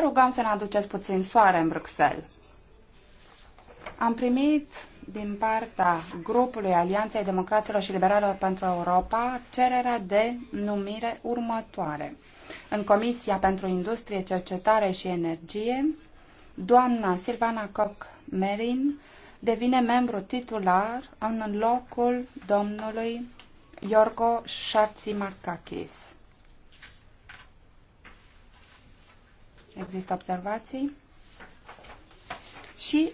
rugam să ne aduceți puțin soare în Bruxelles. Am primit din partea grupului Alianței Democraților și Liberalilor pentru Europa cererea de numire următoare. În Comisia pentru Industrie, Cercetare și Energie, doamna Silvana Koch-Merin devine membru titular în locul domnului Iorgo Șarțimarcachis. Există observații? Și